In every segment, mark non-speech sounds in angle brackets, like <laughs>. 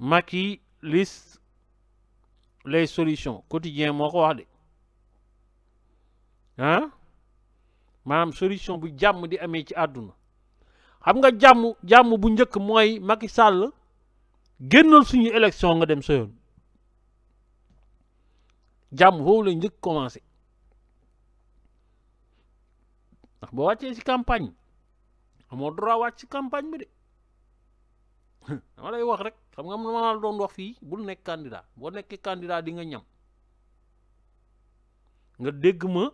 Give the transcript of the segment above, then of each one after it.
Macky liste les solutions quotidien moo ko wax de ah maanaam solution bu jàmm di amee ci àdduna xam nga jàmm jàmm bu njëkk mooy Macky Sall génnal suñu élection nga dem sa yoon jàmm foofu njëkk commencé ndax boo wàccee ci campagne amoo droit wàcc ci campagne bi de dama lay wax rek xam nga ma la doon wax fii bul nekk candidat boo nekkee candidat di nga ñam nga dégg ma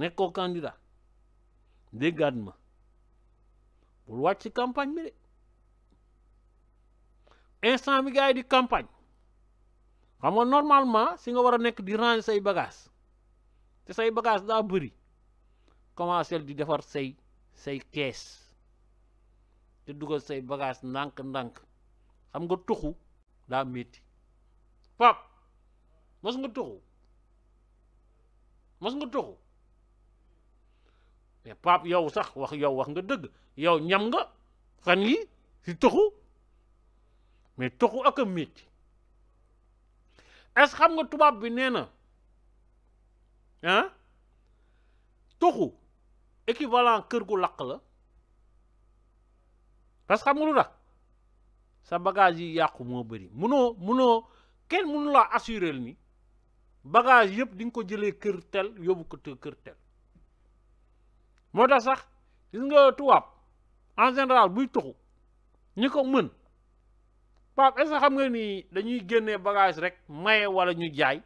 nekkoo candidat déggaat ma bul wàcc campagne bi de instant bi gars yi di campagne xam nga normalement si nga war a nekk di ranger say bagage te say bagage daa bëri commencé di defar say say kees te dugal say bagage ndànk-ndànk xam nga tuxu daa métti pap mos nga tuxu mos nga tuxu mais pap yow sax wax yow wax nga dëgg yow ñam nga fan yi si tuxu mais tuxu ak a métti est-ce xam nga tubaab bi nee na ah tuxu équivalent kër gu lakk la parce que xam nga lu tax sa bagage yi yàqu moo bëri munoo munoo kenn mënu laa assuré ni bagage yëpp di nga ko jëlee kër tel yóbbu ko kër tel moo tax sax gis nga tubaab en général buy tuxu ñi ko mën Pape est xam nga nii dañuy génne bagage rek maye wala ñu jaay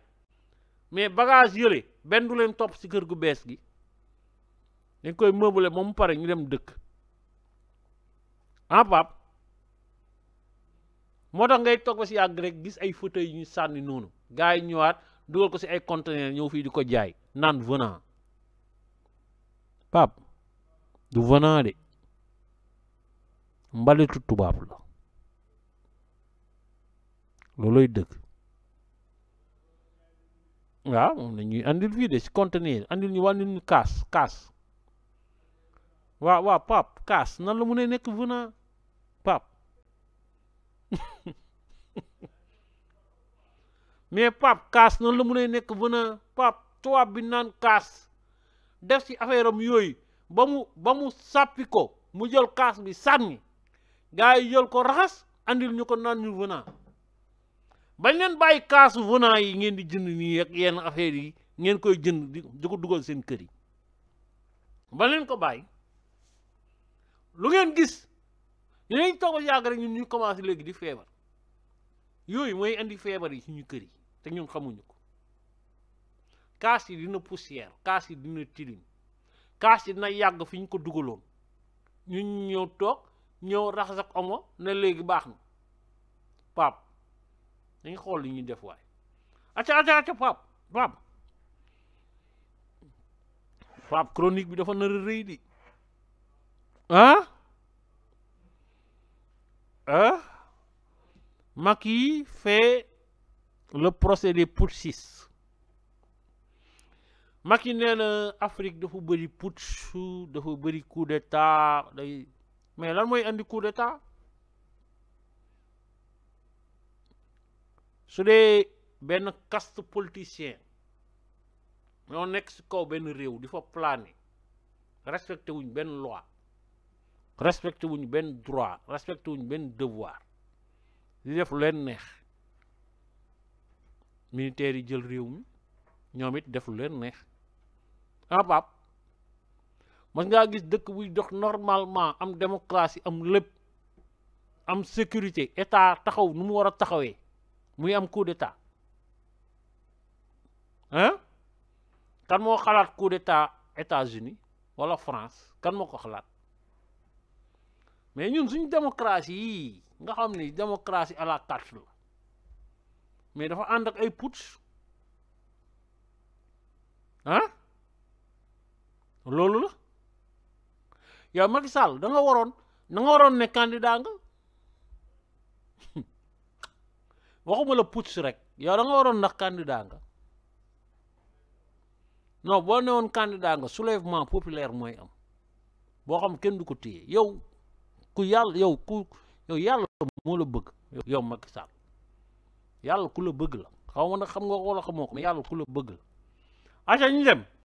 mais bagage yële benn du leen topp si kër gu bees gi dañ koy meubler moom pare ñu dem dëkk ah moo tax ngay toog ba si yàgg rek gis ay fauteuils yu ñu sànni noonu gaa yi ñëwaat dugal ko si ay conteneur ñëw fii di ko jaay naan venant Pape du venant de mbalitu tubaab la looloy dëgg waaw moom la ñuy andil fii de si conteneur andil ñu wàññil ñu kaas kaas waaw waaw pap kaas nan la mu ne nekk venant pap <laughs> mais pap kaas nan la mu nekk venant pap tubaab bi naan kaas def si affaire am yooyu ba mu ba mu sàppi ko mu jël kaas bi sànni gars yi jël ko raxas andil ñu ko naan ñu venant bañ leen bàyyi kaasu venant yi ngeen di jënd nii ak yenn affaire yi ngeen koy jënd di ko dugal seen kër yi bañ leen ko bàyyi lu ngeen gis dinañ toog a yàgg rek ñun ñu commencé léegi di feebar yooyu mooy indi feebar yi suñu kër yi te ñun xamuñu ko kaas yi dina poussière kaas yi dina tilim kaas yi dina yàgg fi ñu ko dugaloon ñu ñëw toog ñëw raxas ak omo ne léegi baax na pap dañ xool li ñuy def waay acca acca acca pap pap pap chronique bi dafa nar a rëy di ah ah Macky fait le procès des putschistes Macky nee na Afrique dafa bëri putsch dafa bëri coup d'état day mais lan mooy indi coup d'état su dee benn caste politicien ñoo nekk si kaw benn réew di fa plané respecté wuñ benn loi respecté wuñu benn droit respecté wuñu benn devoir di def leen neex militaires yi jël réew mi ñoom it def lu leen neex ah Pape mën ngaa gis dëkk buy dox normalement am démocratie am lépp am sécurité état taxaw nu mu war a taxawee muy am coup d'état ah kan moo xalaat coup d'état États-Unis wala France kan moo ko xalaat mais ñun suñu démocratie yii nga xam ni démocratie à la carte la mais dafa ànd ak ay putsch ah loolu la yow Macky Sall da waroon da nga waroon ne candidat nga <laughs> waxuma la putsch rek yow da nga waroon ndax candidat nga non boo newoon candidat nga soulèvement populaire mooy am boo xam kenn du ko téye yow ku yàlla yow ku yow yàlla moo la yow Macky Sall yàlla ku la bëgg la xaw ma nag xam nga wala xamoo ko mais yàlla ku la bëgg la aca ñu dem